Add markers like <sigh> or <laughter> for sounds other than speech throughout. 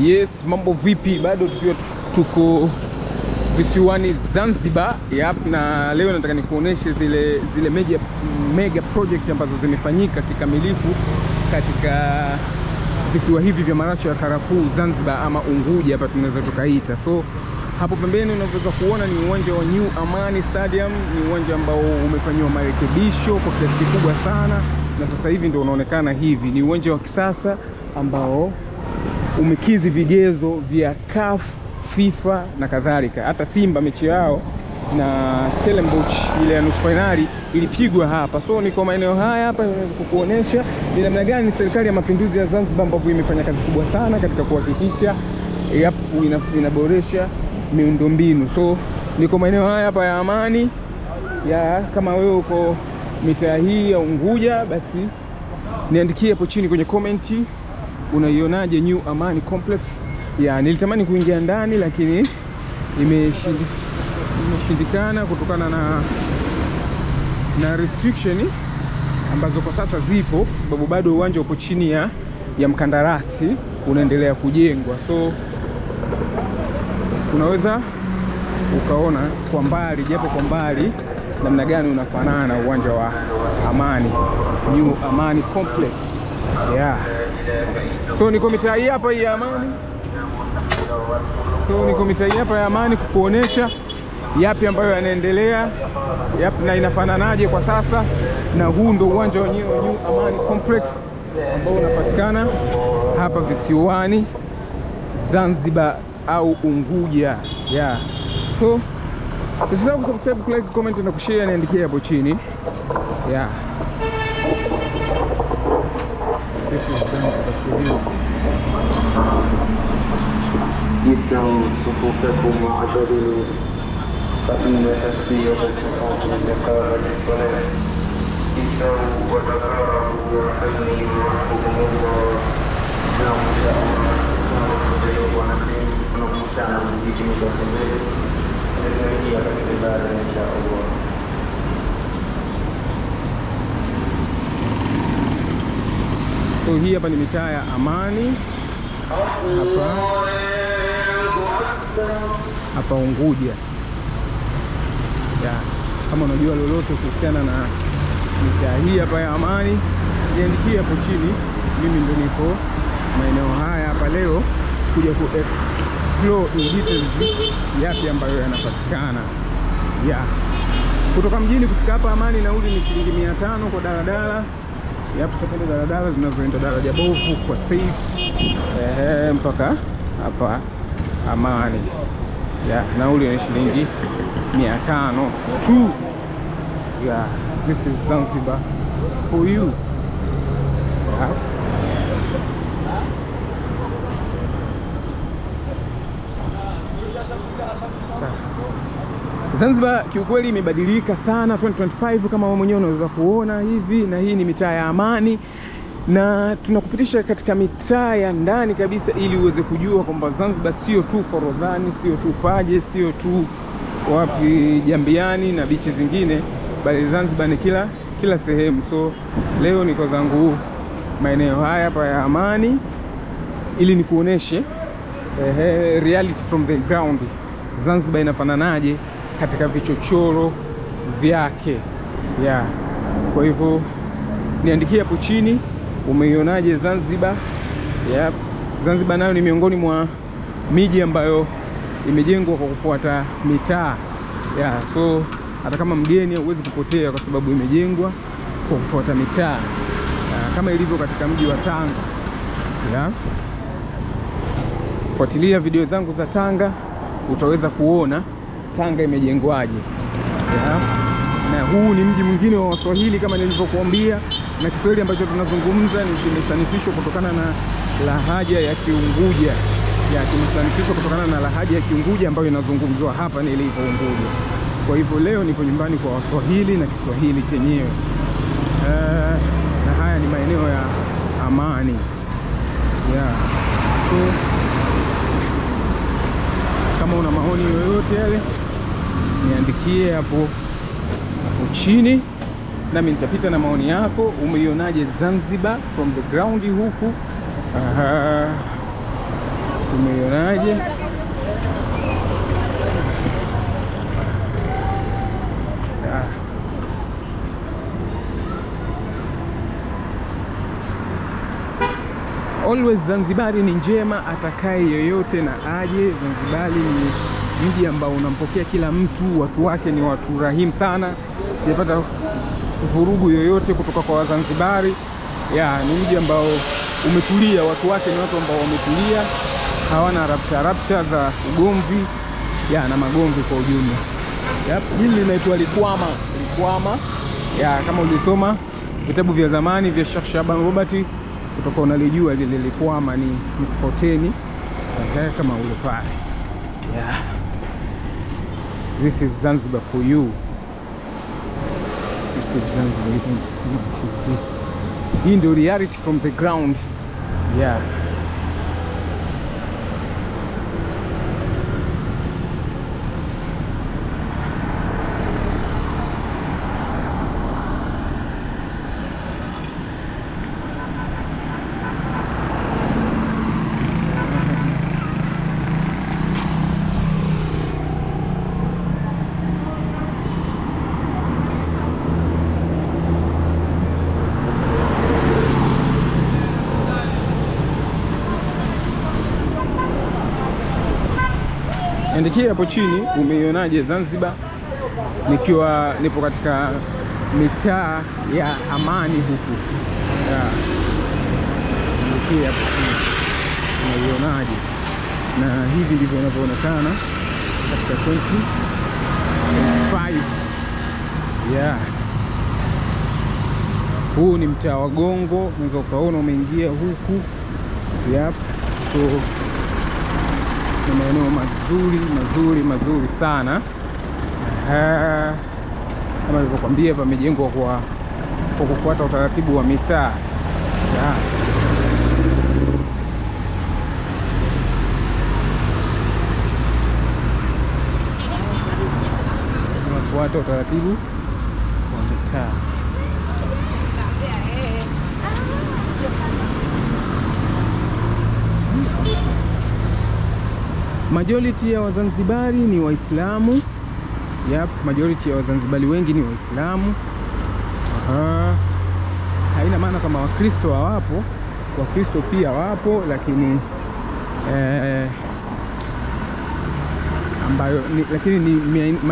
Yes, mambo vipi? Bado tukiwa tuko visiwani Zanzibar. Yep, na leo nataka nikuoneshe zile zile mega, mega project ambazo zimefanyika kikamilifu katika visiwa hivi vya marasha ya karafuu Zanzibar, ama Unguja hapa tunaweza tukaita. So hapo pembeni unaweza kuona ni uwanja wa New Amani Stadium, ni uwanja ambao umefanyiwa marekebisho kwa kiasi kikubwa sana, na sasa hivi ndio unaonekana hivi. Ni uwanja wa kisasa ambao umekizi vigezo vya CAF, FIFA na kadhalika. Hata Simba mechi yao na Stellenbosch ile ya nusu fainali ilipigwa hapa. So niko maeneo haya hapa, kukuonesha ni namna gani serikali ya mapinduzi ya Zanzibar ambapo imefanya kazi kubwa sana katika kuhakikisha inaboresha miundombinu. So niko maeneo haya hapa ya Amani ya, kama wewe uko mitaa hii ya Unguja, basi niandikie hapo chini kwenye komenti unaionaje New Amani Complex? Ya, nilitamani kuingia ndani lakini imeshindikana kutokana na, na restriction ambazo kwa sasa zipo kwa sababu bado uwanja upo chini ya, ya mkandarasi unaendelea kujengwa, so unaweza ukaona kwa mbali, japo kwa mbali namna gani unafanana uwanja wa Amani New Amani Complex yeah. So niko mitaa hii hapa ya Amani, so niko mitaa hii hapa ya Amani kukuonesha yapi ambayo yanaendelea yapi na inafananaje kwa sasa, na huu ndo uwanja wenyewe wa New Amani Complex ambao unapatikana hapa visiwani Zanzibar au Unguja yeah. So usisahau kusubscribe, like, comment na kushare, niandikie hapo chini yeah. استووا صفوفكم واعتدلوا فإن تسبيحكم أعظم إقامة الصلاة استووا وتقاربوا وارحمني يرحمكم الله نعم شاء الله ونحن نمتع من ذكر الله الذي يحب عباده إن شاء الله So hii hapa ni mitaa ya Amani hapa hapa Unguja ya. Kama unajua lolote kuhusiana na mitaa hii hapa ya Amani, niandikie hapo chini. Mimi ndo niko maeneo haya hapa leo kuja ku explore in details yapi ambayo yanapatikana ya kutoka mjini kufika hapa Amani. Nauli ni shilingi mia tano kwa daladala yapo pale daladala zinazoenda daraja bovu kwa safe eh, mpaka hapa Amani ya nauli ni shilingi 500 tu. Yeah, this is Zanzibar for you yeah. Zanzibar kiukweli imebadilika sana 2025 kama wewe mwenyewe unaweza kuona hivi, na hii ni mitaa ya Amani na tunakupitisha katika mitaa ya ndani kabisa, ili uweze kujua kwamba Zanzibar sio tu Forodhani, sio tu Paje, sio tu wapi Jambiani na bichi zingine, bali Zanzibar ni kila kila sehemu. So leo niko zangu maeneo haya hapa ya Amani ili nikuoneshe eh, reality from the ground Zanzibar inafananaje katika vichochoro vyake yeah. Kwa hivyo niandikie hapo chini umeionaje Zanzibar yeah. Zanzibar nayo ni miongoni mwa miji ambayo imejengwa kwa kufuata mitaa yeah. So hata kama mgeni huwezi kupotea kwa sababu imejengwa kwa kufuata mitaa yeah. Kama ilivyo katika mji wa Tanga yeah. Fuatilia video zangu za Tanga utaweza kuona Tanga imejengwaje. Na huu ni mji mwingine wa Waswahili kama nilivyokuambia, na Kiswahili ambacho tunazungumza ni kimesanifishwa kutokana na lahaja ya Kiunguja kimesanifishwa kutokana na lahaja ya Kiunguja ambayo inazungumzwa hapa nilipo Unguja. Kwa hivyo leo nipo nyumbani kwa Waswahili na Kiswahili chenyewe. Uh, na haya ni maeneo ya Amani yeah. So kama una maoni yoyote yale niandikie hapo hapo chini, nami nitapita na maoni yako. Umeionaje Zanzibar from the ground huku? umeionaje? Ah. Always Zanzibari ni njema, atakaye yoyote na aje Zanzibari ni mji ambao unampokea kila mtu, watu wake ni watu rahimu sana, sijapata vurugu yoyote kutoka kwa Wazanzibari. Ya, ni mji ambao umetulia, watu wake ni watu ambao wametulia, hawana rapsha rapsha za ugomvi ya na magomvi kwa ujumla. Yep. Hili linaitwa Likwama. Likwama ya kama ulisoma vitabu vya zamani vya Sheikh Shaban Robert kutoka unalijua lile Likwama ni mkokoteni eh, kama ule pale yeah. This is Zanzibar for you. This is Zanzibar. In the reality from the ground. Yeah. Niandikie hapo chini umeionaje Zanzibar nikiwa nipo katika mitaa ya amani huku. Niandikie hapo chini umeionaje, na hivi ndivyo inavyoonekana katika 2025 yeah. Huu ni mtaa wa Gongo, unaweza ukaona umeingia huku yep. so ni maeneo mazuri mazuri mazuri sana. Aha, kama nilivyokwambia pamejengwa kwa kwa kufuata utaratibu wa mitaa yeah. Kufuata utaratibu wa mitaa. Majority ya Wazanzibari ni Waislamu. Yap, majority ya Wazanzibari wengi ni Waislamu. Aha. Haina maana kama Wakristo hawapo, Wakristo pia wapo, lakini eh, ambayo ni, lakini ni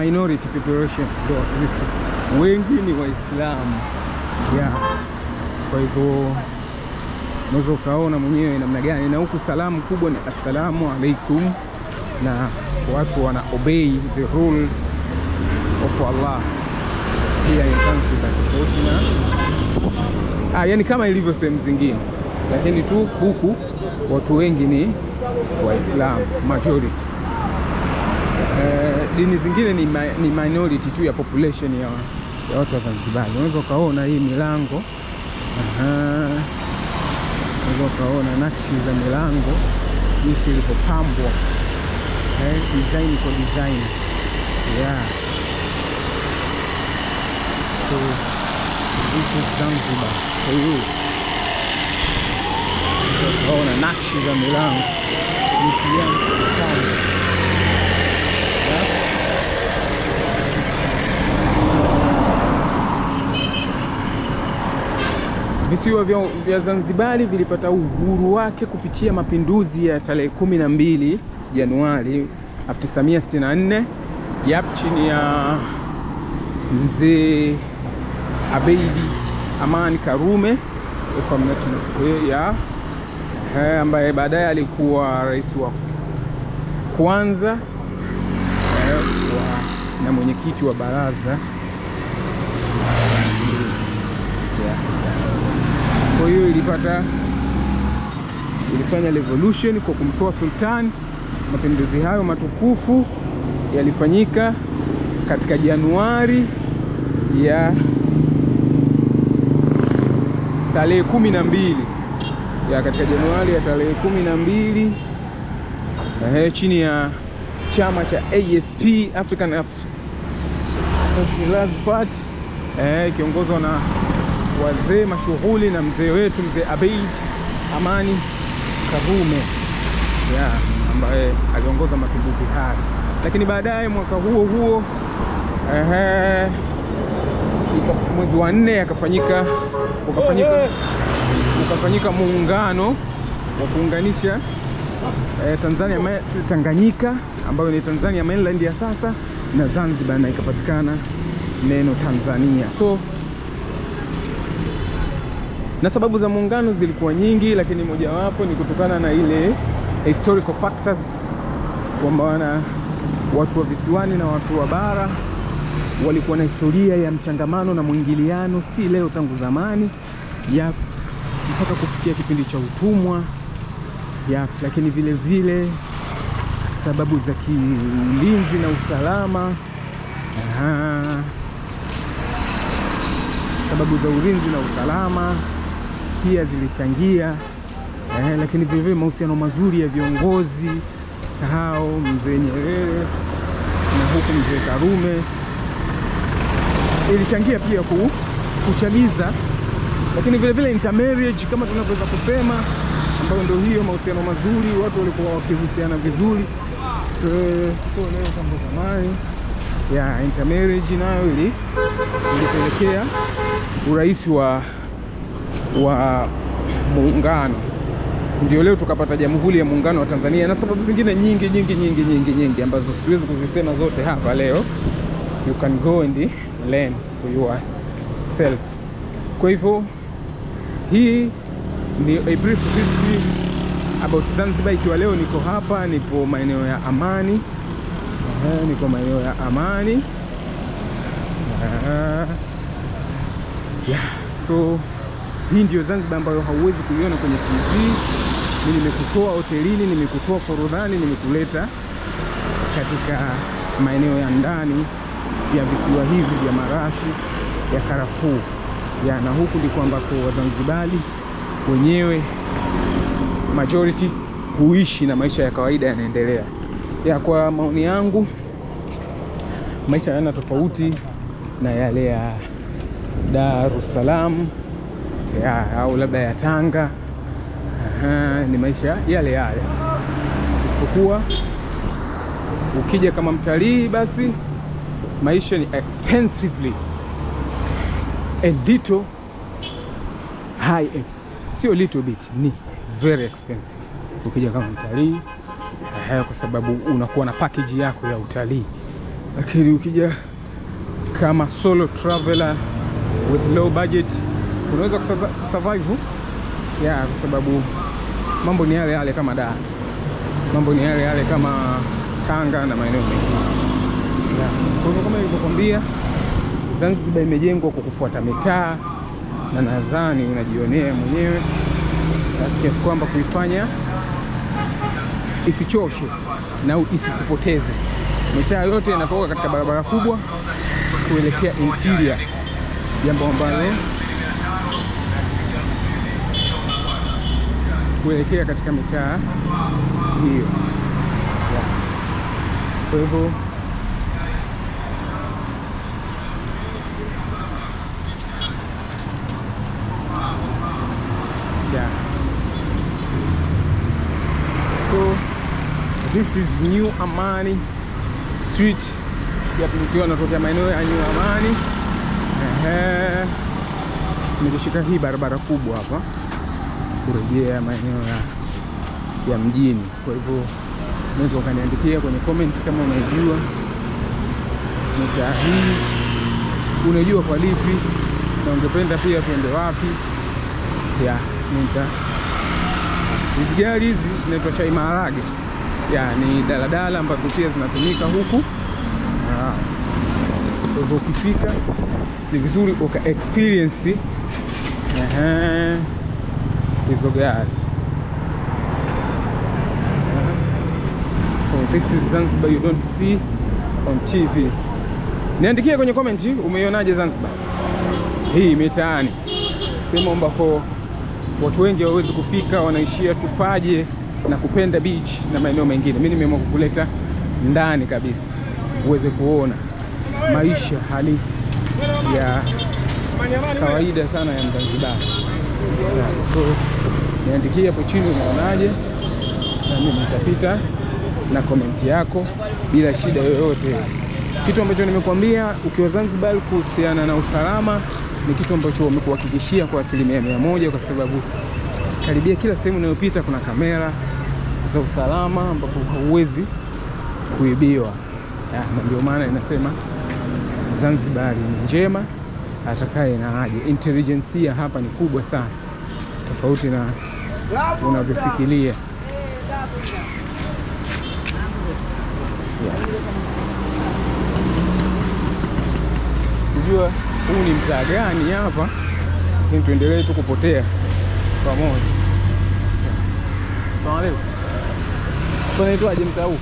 minority population ndio Wakristo, wengi ni Waislamu yeah. Kwa hivyo unaweza ukaona mwenyewe namna gani, na huku salamu kubwa ni assalamu alaikum na watu wana obey the rule of Allah pia in Zanzibar tofauti na ah, yani kama ilivyo sehemu zingine, lakini tu huku watu wengi ni Waislamu majority. Uh, dini zingine ni, ma, ni minority tu ya population ya, ya watu wa Zanzibar. Unaweza ukaona hii milango, unaweza ukaona nakshi za milango jinsi ilipopambwa eh, design kwa design yeah. So this is Zanzibar kwa hiyo tunaona nakshi za milango ikiaa Visiwa vya, vya Zanzibari vilipata uhuru wake kupitia mapinduzi ya tarehe kumi na mbili Januari 1964 yap chini ya mzee Abeidi Amani Karume ya eh, ambaye baadaye alikuwa rais wa kwanza eh, na mwenyekiti wa baraza. Kwa hiyo ilipata ilifanya revolution kwa kumtoa sultani Mapinduzi hayo matukufu yalifanyika katika Januari ya tarehe kumi na mbili ya katika Januari ya tarehe kumi na mbili eh, chini ya chama cha ASP African National Party ikiongozwa na wazee mashughuli na mzee wetu mzee Abeid Amani Karume yeah ambaye aliongoza mapinduzi haya, lakini baadaye mwaka huo huo ehe, mwezi wa nne akafanyika ukafanyika ukafanyika muungano wa kuunganisha eh, Tanzania Tanganyika ambayo ni Tanzania mainland ya sasa na Zanzibar na ikapatikana neno Tanzania. So na sababu za muungano zilikuwa nyingi, lakini mojawapo ni kutokana na ile historical factors, kwa maana watu wa visiwani na watu wa bara walikuwa na historia ya mchangamano na mwingiliano, si leo, tangu zamani ya mpaka kufikia kipindi cha utumwa ya, lakini vile vile sababu za kiulinzi na usalama Aha. sababu za ulinzi na usalama pia zilichangia eh, lakini vilevile mahusiano mazuri ya viongozi hao, mzee Nyerere na huku mzee Karume ilichangia pia ku, kuchagiza, lakini vilevile intermarriage kama tunavyoweza kusema, ambayo ndio hiyo mahusiano mazuri, watu walikuwa wakihusiana vizuri zamani ya intermarriage nayo ili ilipelekea urais wa wa muungano ndio leo tukapata Jamhuri ya Muungano wa Tanzania na sababu zingine nyingi nyingi nyingi nyingi nyingi ambazo siwezi kuzisema zote hapa leo. You can go and learn for yourself. Kwa hivyo hii ni a brief history about Zanzibar, ikiwa leo niko hapa, nipo maeneo ya Amani. Aha, niko maeneo ya Amani. Yeah, so hii ndio Zanzibar ambayo hauwezi kuiona kwenye TV. Mimi nimekutoa hotelini, nimekutoa forodhani, nimekuleta katika maeneo ya ndani ya visiwa hivi vya marashi ya karafuu ya, na huku ndiko ambako Wazanzibari wenyewe majority huishi na maisha ya kawaida yanaendelea. Ya, kwa maoni yangu maisha yana tofauti na yale ya Dar es Salaam ya, au labda ya Tanga uh, ni maisha yale yale, isipokuwa ukija kama mtalii, basi maisha ni expensively and little high end, sio little bit, ni very expensive ukija kama mtalii, kwa sababu unakuwa na package yako ya utalii, lakini ukija kama solo traveler with low budget unaweza kusurvive, yeah, kwa sababu mambo ni yale yale kama Dar, mambo ni yale yale kama Tanga na maeneo mengine. Kwa kama nilivyokwambia, Zanzibar imejengwa kwa kufuata mitaa, na nadhani unajionea mwenyewe kiasi kwamba kuifanya isichoshe na isikupoteze. Mitaa yote inatoka katika barabara kubwa kuelekea interior, jambo ambalo kuelekea katika mitaa hiyo. Kwa hivyo so this is New Amani Street yakiwa natokea maeneo ya New Amani. Ehe, nimeshika hii barabara kubwa hapa kurejea maeneo ya, ya mjini. Kwa hivyo unaweza ukaniandikia kwenye comment kama unaijua mitaa hii, unajua kwa lipi na ungependa pia tuende wapi ya nita hizi gari hizi zinaitwa chai maharage, ya ni daladala ambazo pia zinatumika huku. Kwa hivyo ukifika ni vizuri uka experience hizo gari. So this is Zanzibar you don't see on TV. Niandikie kwenye comment umeionaje Zanzibar hii mitaani, sehemu ambapo watu wengi hawawezi kufika, wanaishia tupaje na kupenda beach na maeneo mengine. Mimi nimeamua kukuleta ndani kabisa uweze kuona maisha halisi ya kawaida sana ya Mzanzibari. Yeah, so niandikie hapo chini unaonaje, na mimi nitapita na komenti yako bila shida yoyote. Kitu ambacho nimekuambia ukiwa Zanzibar kuhusiana na usalama ni kitu ambacho wamekuhakikishia kwa asilimia mia moja, kwa sababu karibia kila sehemu unayopita kuna kamera za usalama ambapo hauwezi kuibiwa. Ah, ndio maana inasema Zanzibar ni njema atakaye na aje. hapa ni kubwa sana, tofauti na unavyofikiria. Kujua huu ni mtaa gani hapa, lakini tuendelee tu kupotea pamoja. Naitwaje mtaa huu?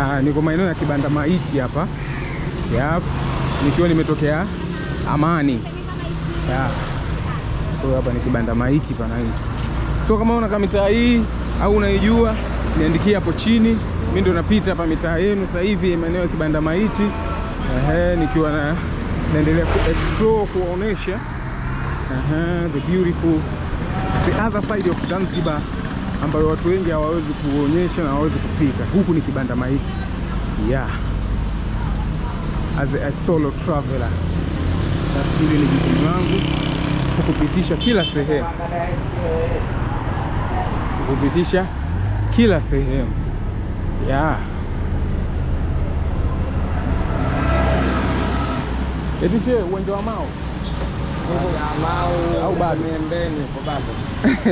Ah, niko maeneo ya Kibanda Maiti hapa, nikiwa nimetokea Amani. Ah. Kwa hiyo hapa ni kibanda maiti panaitwa. So kama unakaa mitaa hii au unaijua, niandikie hapo chini. Mimi ndio napita hapa mitaa yenu sasa hivi maeneo ya kibanda maiti ehe, nikiwa na naendelea ku explore kuwaonesha ehe, the beautiful the other side of Zanzibar ambayo watu wengi hawawezi kuonyesha na hawawezi kufika. Huku ni kibanda maiti yeah. As a, a solo traveler, hili ni jukumu langu kukupitisha kila sehemu, kukupitisha kila sehemu ya yeah. Etishe uwanja wa Mao au bado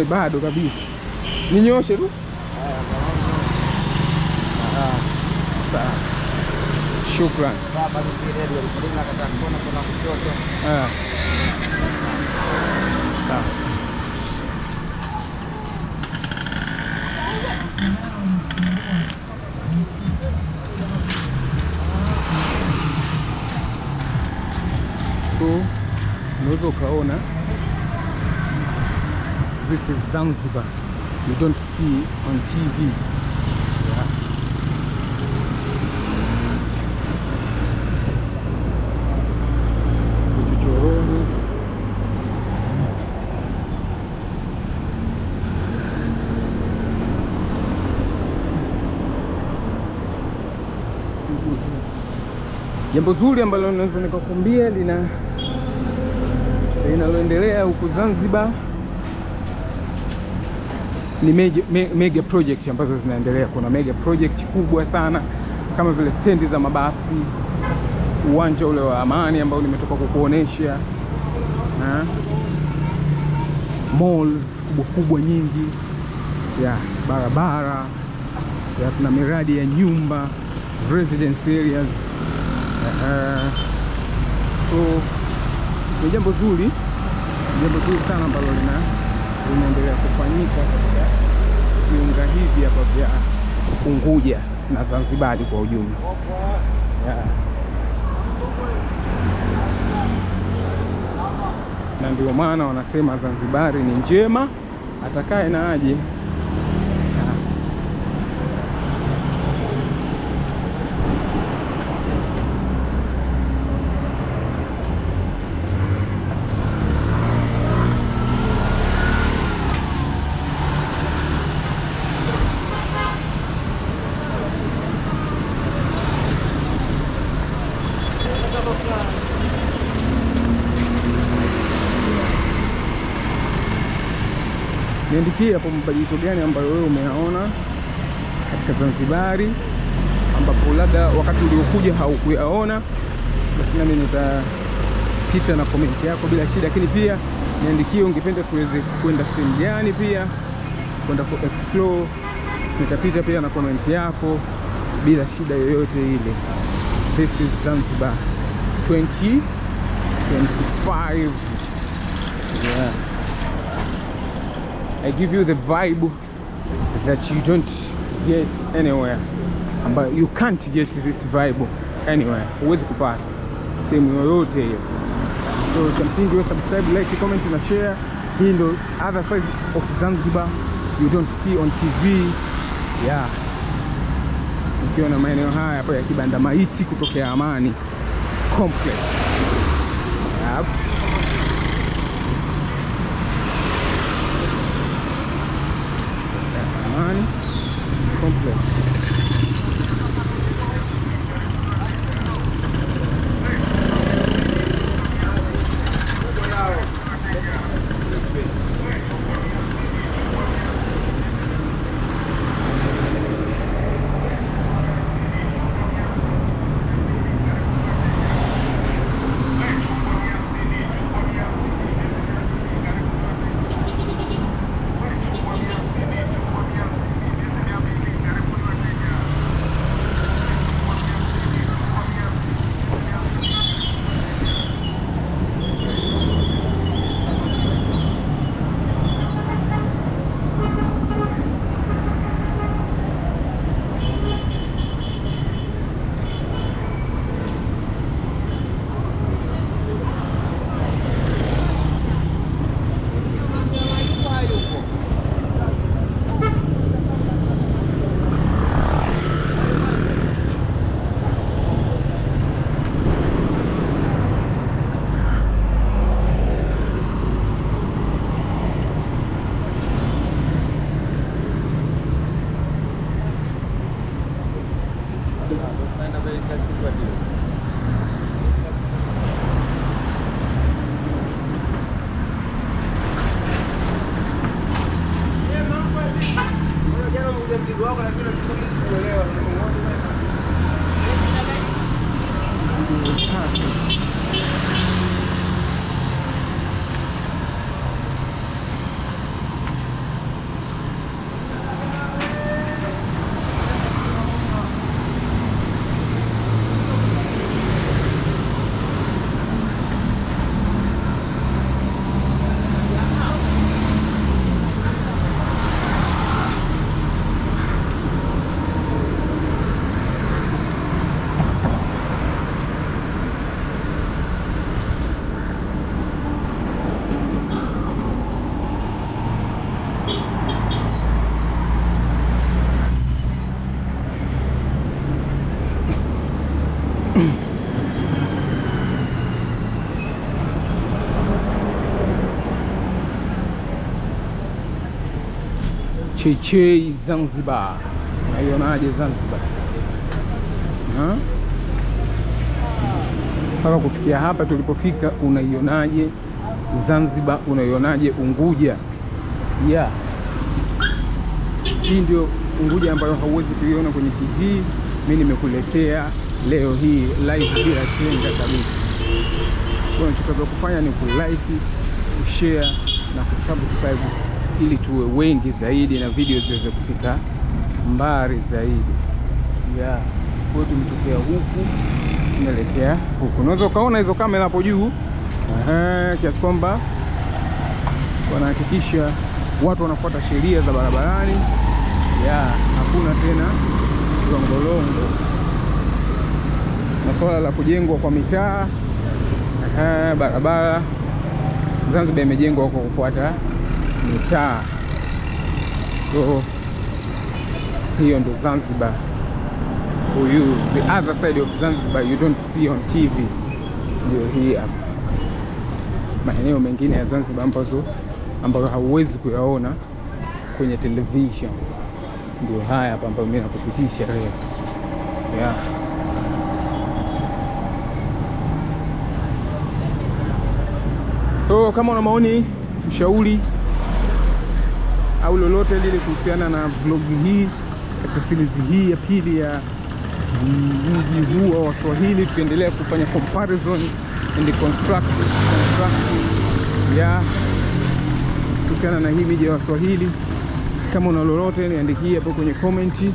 <laughs> bado kabisa, ninyoshe tu sawa. Shukrani. So unaweza ukaona this is Zanzibar you don't see on TV jambo zuri ambalo naweza nikakwambia lina linaloendelea huku Zanzibar ni mega, mega project ambazo zinaendelea. Kuna mega project kubwa sana kama vile stendi za mabasi, uwanja ule wa Amani ambao nimetoka kukuonesha, na malls kubwa kubwa nyingi ya barabara ya, kuna miradi ya nyumba residence areas Eh, so ni jambo zuri, jambo zuri sana ambalo linaendelea kufanyika katika viunga hivi hapa vya Unguja na Zanzibari kwa ujumla yeah. Na ndio maana wanasema Zanzibari ni njema, atakaye na aje. niandikie hapo mabadiliko gani ambayo wewe umeyaona katika Zanzibari ambapo labda wakati uliokuja haukuyaona, basi nami nitapita na komenti yako bila shida. Lakini pia niandikie ungependa tuweze kwenda sehemu gani, pia kwenda ku explore. Nitapita pia na komenti yako bila shida yoyote ile. This is Zanzibar 2025. I give you the vibe that you don't get anywhere, ambayo you can't get this vibe anywhere, huwezi kupata sehemu yoyote hiyo. So cha msingi wewe subscribe, like, comment na share. Hii ndo other side of Zanzibar you don't see on TV yeah. Ukiona maeneo haya hapa ya Kibanda Maiti kutokea Amani Complex. on. Chechei Zanzibar. Naionaje Zanzibar? Mpaka kufikia hapa tulipofika, unaionaje Zanzibar? Unaionaje Unguja? Yeah, hii ndio Unguja ambayo hauwezi kuiona kwenye TV. Mimi nimekuletea leo hii live bila chenga kabisa. Unachotakiwa kufanya ni kulike, kushare na kusubscribe ili tuwe wengi zaidi na video ziweze kufika mbali zaidi yeah. Kwa tumetokea huku tunaelekea huku, unaweza ukaona hizo kamera hapo juu kiasi kwamba wanahakikisha watu wanafuata sheria za barabarani ya hakuna tena longolongo na swala la kujengwa kwa mitaa barabara Zanzibar imejengwa kwa kufuata mitaa. So hiyo ndo Zanzibar for you. The other side of Zanzibar you don't see on TV, ndio hii hapa. Maeneo mengine ya Zanzibar ambazo ambayo hauwezi kuyaona kwenye television ndio haya hapa ambayo mimi nakupitisha leo yeah. So kama una maoni, ushauri au lolote lile kuhusiana na vlog hii katika series hii ya pili ya mji huu wa Waswahili, tukiendelea kufanya comparison and construct ya kuhusiana na hii miji ya Waswahili. Kama una lolote, niandikie hapo kwenye komenti,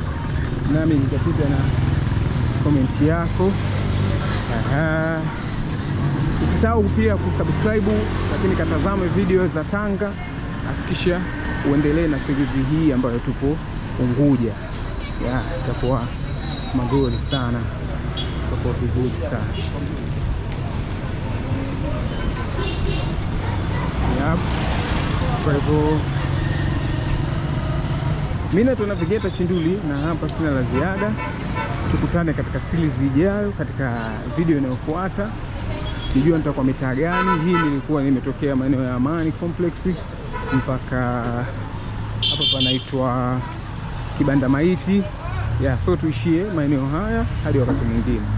nami nitapita na komenti yako. Aha. Usisahau pia kusubscribe, lakini katazame video za Tanga afikisha uendelee na sirizi hii ambayo tupo Unguja. Ya, itakuwa magoli sana, itakuwa vizuri sana. Kwa hivyo mimi naitwa Navigeta Chinduli na hapa sina la ziada. Tukutane katika silizi ijayo, katika video inayofuata. Sijua nitakuwa mitaa gani hii. Nilikuwa nimetokea maeneo ya Amani Complex mpaka hapa panaitwa Kibanda Maiti ya yeah, so tuishie maeneo haya hadi wakati mwingine.